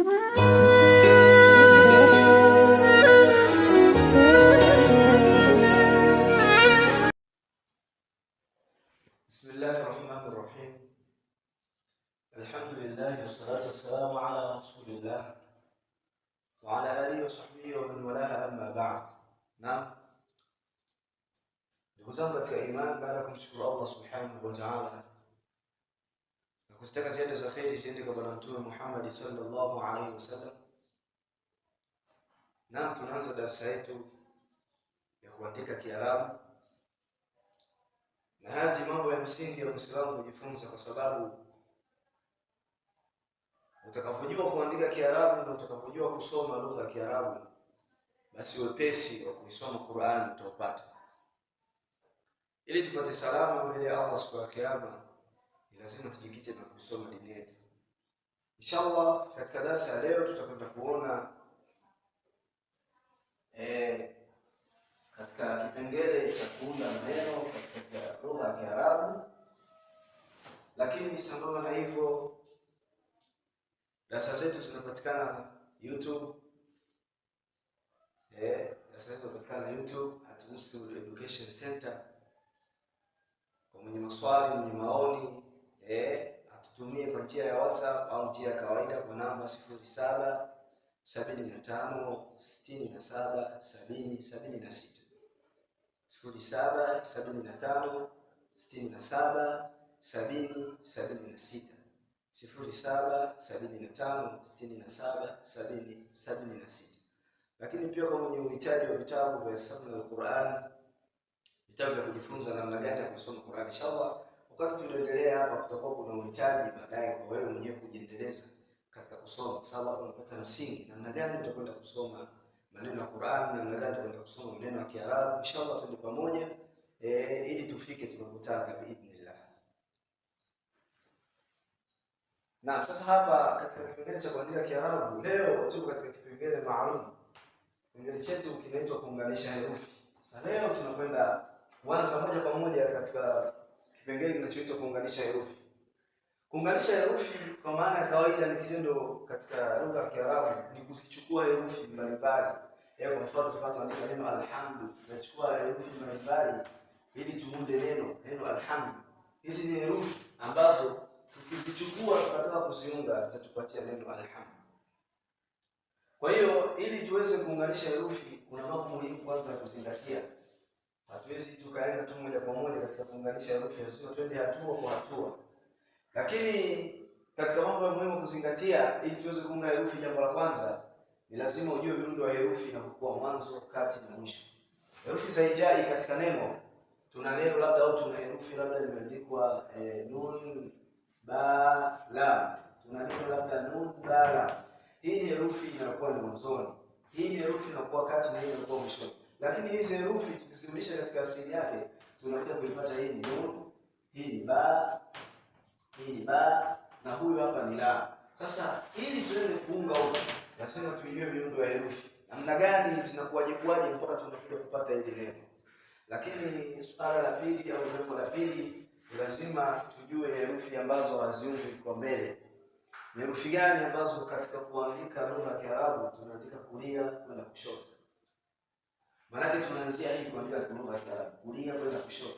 بسم الله الرحمن الرحيم الحمد لله والصلاة والسلام على رسول الله وعلى آله وصحبه ومن والاه أما بعد نعم Ndugu zangu katika imani, الله سبحانه وتعالى kuzitaka ziende za kheri ziende kwa Bwana Mtume Muhammad sallallahu alaihi wasallam. Na tunaanza darasa yetu ya kuandika Kiarabu na haya mambo ya msingi ya Muislamu kujifunza, kwa sababu utakapojua kuandika Kiarabu na utakapojua kusoma lugha ya Kiarabu, basi wepesi wa kuisoma Qur'an utaupata, ili tupate salama mbele ya Allah siku ya Kiyama lazima tujikite na kusoma dini yetu. Inshallah, katika darasa ya leo tutakwenda kuona eh, katika kipengele cha kuunda maneno katika lugha ya Kiarabu, lakini sambamba na hivyo darasa zetu zinapatikana YouTube eh, darasa zetu zinapatikana YouTube at Muslim Education Center. Kwa mwenye maswali, mwenye maoni eh, atutumie kwa njia ya WhatsApp au njia ya kawaida kwa namba sifuri saba sabini na tano sitini na saba sabini sabini na sita sifuri saba sabini na tano sitini na saba sabini sabini na sita sifuri saba sabini na tano sitini na saba sabini sabini na sita. Lakini pia kwa mwenye uhitaji wa vitabu vya hesabu na Qur'an, vitabu vya kujifunza namna gani ya kusoma Qur'an, inshallah basi tunaendelea hapa, kutakuwa kuna uhitaji baadaye kwa wewe mwenyewe kujiendeleza katika kusoma, kwa sababu unapata msingi namna gani utakwenda kusoma maneno ya Qur'an, namna gani utakwenda kusoma maneno ya Kiarabu. Inshallah tuende pamoja eh, ili tufike tunapotaka biidhnillah. Naam, sasa hapa katika kipengele cha kuandika Kiarabu leo tuko katika kipengele maalum. Kipengele chetu kinaitwa kuunganisha herufi. Sasa leo tunakwenda kuanza moja kwa moja katika kipengele kinachoitwa kuunganisha herufi. Kuunganisha herufi kwa maana ya kawaida ni kitendo katika lugha ya Kiarabu ni kuzichukua herufi mbalimbali. Yaani kwa mfano tukawa tunaandika neno alhamdu, tunachukua herufi mbalimbali ili tumunde neno neno alhamdu. Hizi ni herufi ambazo tukizichukua tukataka kuziunga zitatupatia neno alhamdu. Kwa hiyo ili tuweze kuunganisha herufi kuna mambo muhimu kwanza ya kuzingatia. Hatuwezi tukaenda tu moja kwa moja katika kuunganisha herufi, lazima twende hatua kwa hatua. Lakini katika mambo ya muhimu kuzingatia ili tuweze kuunga herufi, jambo la kwanza ni lazima ujue miundo wa herufi na kukua mwanzo, kati na mwisho. Herufi za hijai katika neno, tuna neno labda au tuna herufi labda limeandikwa e, nun ba la, tuna neno labda nun ba la. Hii ni herufi inakuwa ni mwanzoni, hii ni herufi inakuwa kati na hii inakuwa mwishoni lakini hizi herufi tukizirudisha katika asili yake tunakuja kuipata hii ni nun, hii ni ba, hii ni ba na huyu hapa ni la. Sasa ili tuende kuunga huko, nasema tuijue miundo ya herufi namna gani zinakuwaje kuwaje mpaka tunakuja kupata hili neno. Lakini suala la pili au jambo la pili lazima tujue herufi ambazo haziungi kwa mbele. Ni herufi gani ambazo katika kuandika lugha ya Kiarabu tunaandika kulia kwenda kushoto? Maanake tunaanzia hii kwa kila kiungo katika kulia kwenda kushoto.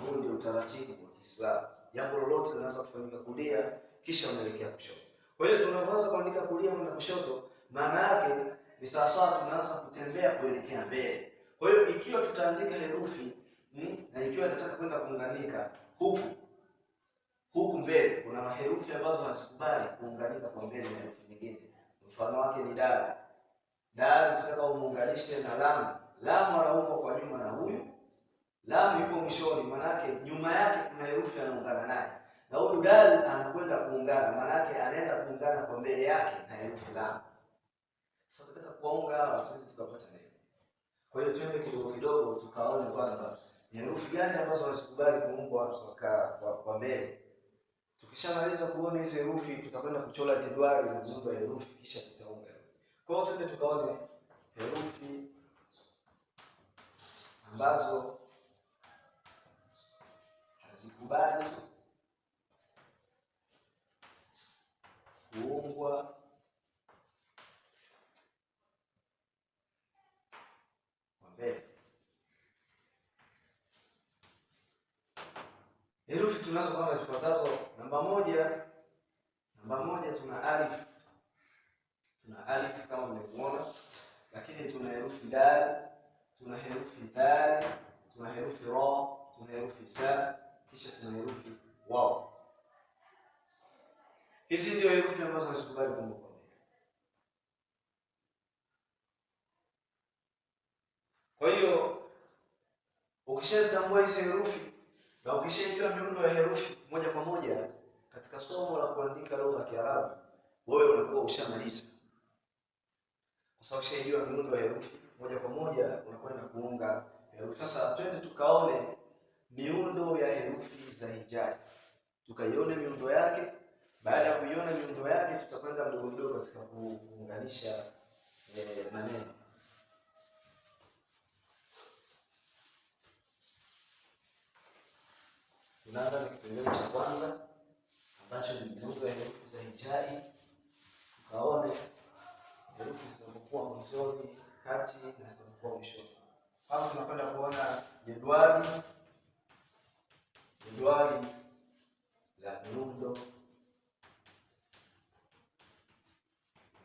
Huu ndio utaratibu wa Kiislamu. Jambo lolote linaweza kufanyika kulia kisha unaelekea kushoto. Kwa hiyo tunaanza kuandika kulia na kushoto, maana yake ni sawa sawa tunaanza kutembea kuelekea mbele. Kwa hiyo ikiwa tutaandika herufi mm, na ikiwa nataka kwenda kuunganika huku huku mbele kuna maherufi ambazo hazikubali kuunganika kwa mbele na herufi nyingine. Mfano wake ni dal. Dal ukitaka umuunganishe na lamu lam lamu anaumbwa kwa nyuma na huyu, lam ipo mwishoni, manake nyuma yake kuna herufi anaungana naye, na huyu dal anakwenda kuungana, manake anaenda kuungana kwa mbele yake na herufi lam. Sasa so, tunataka kuunga hapa tuweze tukapata neno. Kwa hiyo twende kidogo kidogo tukaone kwamba ni herufi gani ambazo wasikubali kuungwa kwa kwa, kwa mbele. Tukishamaliza kuona hizo herufi, tutakwenda kuchora jedwali na muundo wa herufi, kisha tutaunga. Kwa hiyo twende tukaone herufi ambazo hazikubali kuungwa kwa mbele. Herufi tunazo kama zifuatazo. Namba moja, namba moja tuna alif, tuna alif kama mmeona, lakini tuna herufi dal tuna herufi dal, tuna herufi ra, tuna herufi sa, kisha tuna herufi wao. Hizi ndio herufi ambazo nasikubali kuondoka. Kwa hiyo ukishazitambua hizi herufi na ukishajua miundo ya herufi moja kwa moja katika somo la kuandika lugha ya Kiarabu, wewe unakuwa ushamaliza, kwa sababu ushajua miundo ya herufi moja kwa moja unakwenda kuunga herufi. Sasa twende tukaone miundo ya herufi za hijai, tukaione miundo yake. Baada ya kuiona miundo yake, tutakwenda mdogo mdogo katika kuunganisha eh, maneno Tunaanza na kipengele cha kwanza. hapa tunakwenda kuona jedwali jedwali la miundo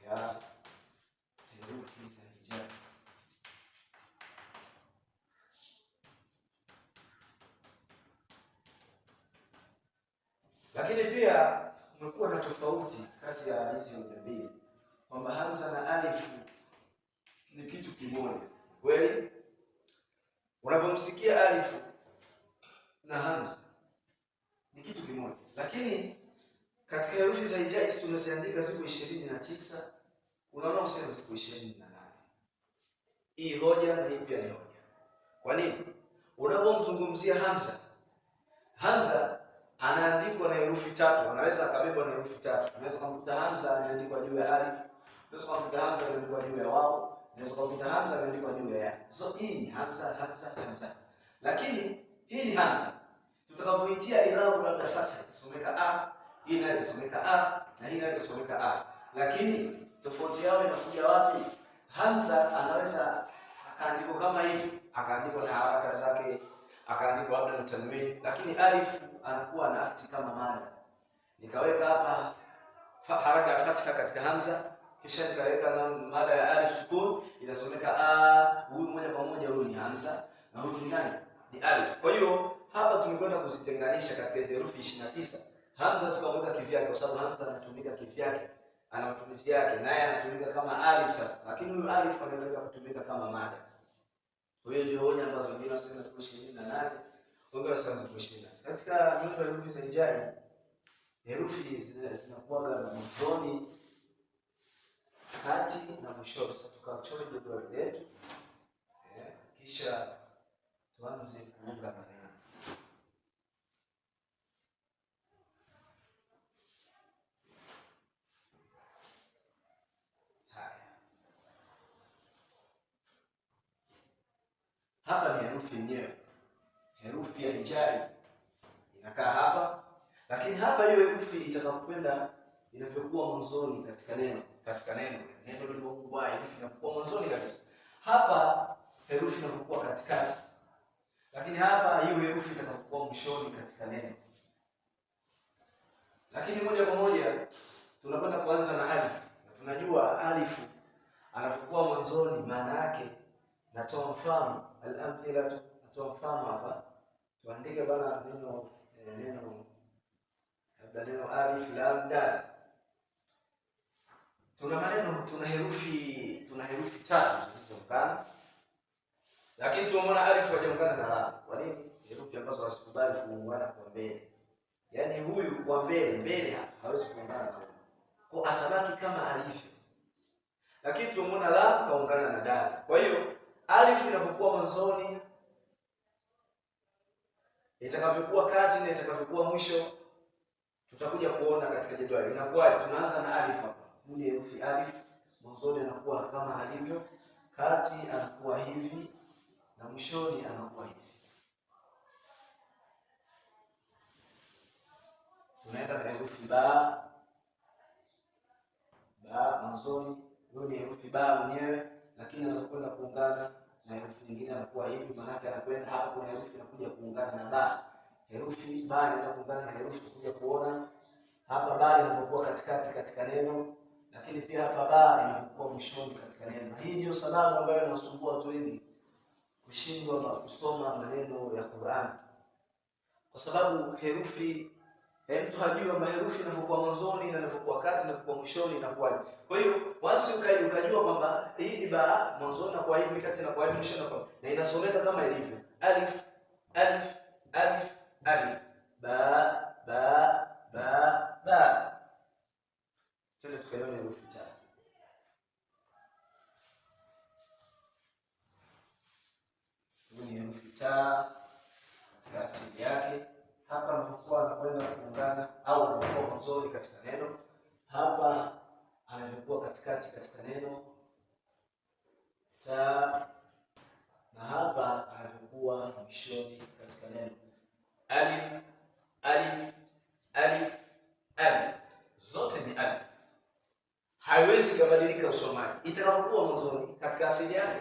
ya herufi za hijaya. Lakini pia kumekuwa na tofauti kati ya hizi zote mbili kwamba hamza na alifu ni kitu kimoja kweli. Unapomsikia Alif na hamza ni kitu kimoja, lakini katika herufi za hijazi tunaziandika siku ishirini na tisa unaona usema siku ishirini na nane Hii hoja na hii pia ni hoja. Kwa nini? Unapomzungumzia hamza, hamza anaandikwa na herufi tatu, anaweza akabebwa na herufi tatu. Unaweza kumkuta hamza anaandikwa juu ya alif, unaweza kumkuta hamza anaandikwa juu ya wao Unaweza kukuta hamza imeandikwa juu ya So hii ni hamza hamza hamza. Lakini hii ni hamza. Tutakavyoitia irabu labda fatha itasomeka a, hii nayo itasomeka a na hii nayo itasomeka a. Lakini tofauti yao inakuja wapi? Hamza anaweza akaandikwa kama hivi, akaandikwa na haraka zake, akaandikwa labda na tanwini, lakini alif anakuwa na akti kama mana. Nikaweka hapa haraka ya fatha katika hamza kisha nikaweka na mada ya alif sukun inasomeka a, ah, huyu moja kwa moja, huyu ni hamza na huyu ni nani? Ni alif. Kwa hiyo hapa tumekwenda kuzitenganisha katika hizo herufi 29. Hamza tukamweka kivyake, kwa sababu hamza anatumika kivyake, ana matumizi yake, naye anatumika kama alif sasa, lakini huyu alif anaweza kutumika kama mada. Kwa hiyo ndio hoja ambazo wengine wanasema ziko 28, wengine wanasema ziko 29. Katika nyumba ya herufi za hijai herufi zinakuwa na mtoni kati na mwisho. Sasa tukachora jedwali letu eh, kisha tuanze kuunga maneno. Hapa ni herufi yenyewe, herufi ya njai inakaa hapa, lakini hapa hiyo herufi itakapokwenda inavyokuwa mwanzoni katika neno katika neno, neno kubwa lilipokuwa herufi inakuwa mwanzoni kabisa, hapa herufi inakuwa katikati, lakini hapa hiyo herufi itakapokuwa mwishoni katika neno. Lakini moja kwa moja tunapenda kuanza na alifu, na tunajua alifu anapokuwa mwanzoni maana yake, natoa mfano al-amthila, natoa mfano hapa, tuandike bana neno eh, neno labda neno alif lam dal tuna maneno tuna herufi tuna herufi tatu zilizoungana, lakini tumeona alifu hajaungana na la. Kwa nini? Herufi ambazo hazikubali kuungana kwa mbele, yaani huyu kwa mbele mbele hawezi kuungana na huyu, kwa atabaki kama alivyo. Lakini tumeona la kaungana na dal. Kwa hiyo alifu inapokuwa mwanzoni, itakavyokuwa kati na itakavyokuwa mwisho, tutakuja kuona katika jedwali inakuwa. Tunaanza na alifu hapa muli herufi alif mwanzoni anakuwa kama alivyo, kati anakuwa hivi na mwishoni anakuwa hivi. Tunaenda katika herufi ba. Ba mwanzoni hiyo ni herufi ba mwenyewe, lakini anakwenda kuungana na herufi nyingine anakuwa hivi, Maana yake anakwenda hapa, kuna herufi inakuja kuungana na ba. Herufi ba inaenda kuungana na herufi kuja kuona hapa ba inapokuwa katikati katika neno lakini pia balaa inakuwa mwishoni katika neema. Hii ndio sababu ambayo inasumbua watu wengi kushindwa na kusoma maneno ya Qur'an, kwa sababu herufi eh, mtu hajui kwamba herufi inavyokuwa mwanzoni na inavyokuwa kati na inavyokuwa mwishoni inakuwaje. Kwa hiyo once ukai ukajua kwamba hii ni baa mwanzoni na kwa hivi kati na kwa hivi mwishoni na kwa na inasomeka kama ilivyo alif alif alif alif ba ba ba ba Twende tukaione herufi ta. Hii ni herufi ta katika asili yake. Hapa anapokuwa anakwenda kuungana au anapokuwa mwanzoni katika neno, hapa anapokuwa katikati katika neno ta, na hapa anapokuwa mwishoni katika neno alif. Alif, alif, alif, zote ni alif haiwezi ikabadilika usomaji, itakapokuwa mwanzoni, katika asili yake,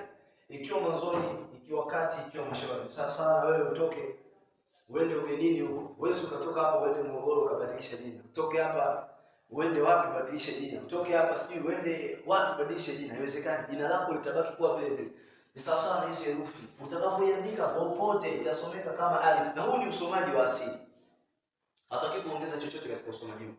ikiwa mwanzoni, ikiwa kati, ikiwa mwishoni. Sasa wewe utoke uende ugenini huko, uwezi ukatoka hapa uende Morogoro ukabadilisha jina, utoke hapa uende wapi badilisha jina, utoke hapa sijui uende wapi badilisha jina, haiwezekani. Jina lako litabaki kuwa vile vile. Ni sawa sawa na hizi herufi, utakapoiandika popote itasomeka kama alif, na huu ni usomaji wa asili, hataki kuongeza chochote katika usomaji huu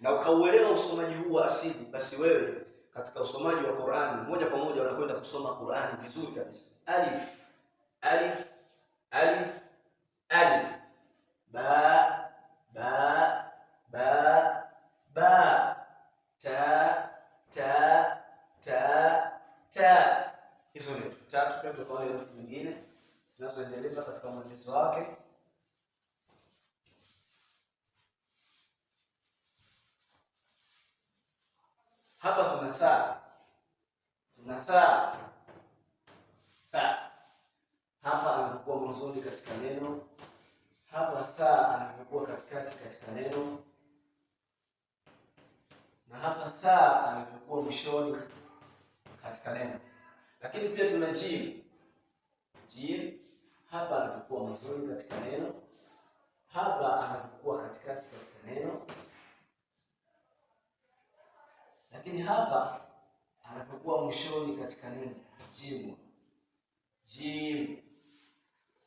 na ukauelewa usomaji huu wa asili, basi wewe katika usomaji wa Qur'ani moja kwa moja wanakwenda kusoma Qur'ani vizuri kabisa. Alif, alif, alif Hapa tuna tha, tuna tha tha. Hapa anapokuwa mwanzoni katika neno, hapa tha anapokuwa katikati katika neno, na hapa tha anapokuwa mwishoni katika neno. Lakini pia tuna jim, jim hapa anapokuwa mwanzoni katika neno Lakini hapa anapokuwa mwishoni katika nini jimu, jimu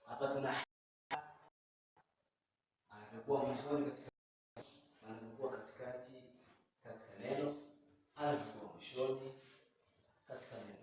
hapa tuna anapokuwa mwishoni katika anapokuwa katikati katika neno anapokuwa mwishoni katika neno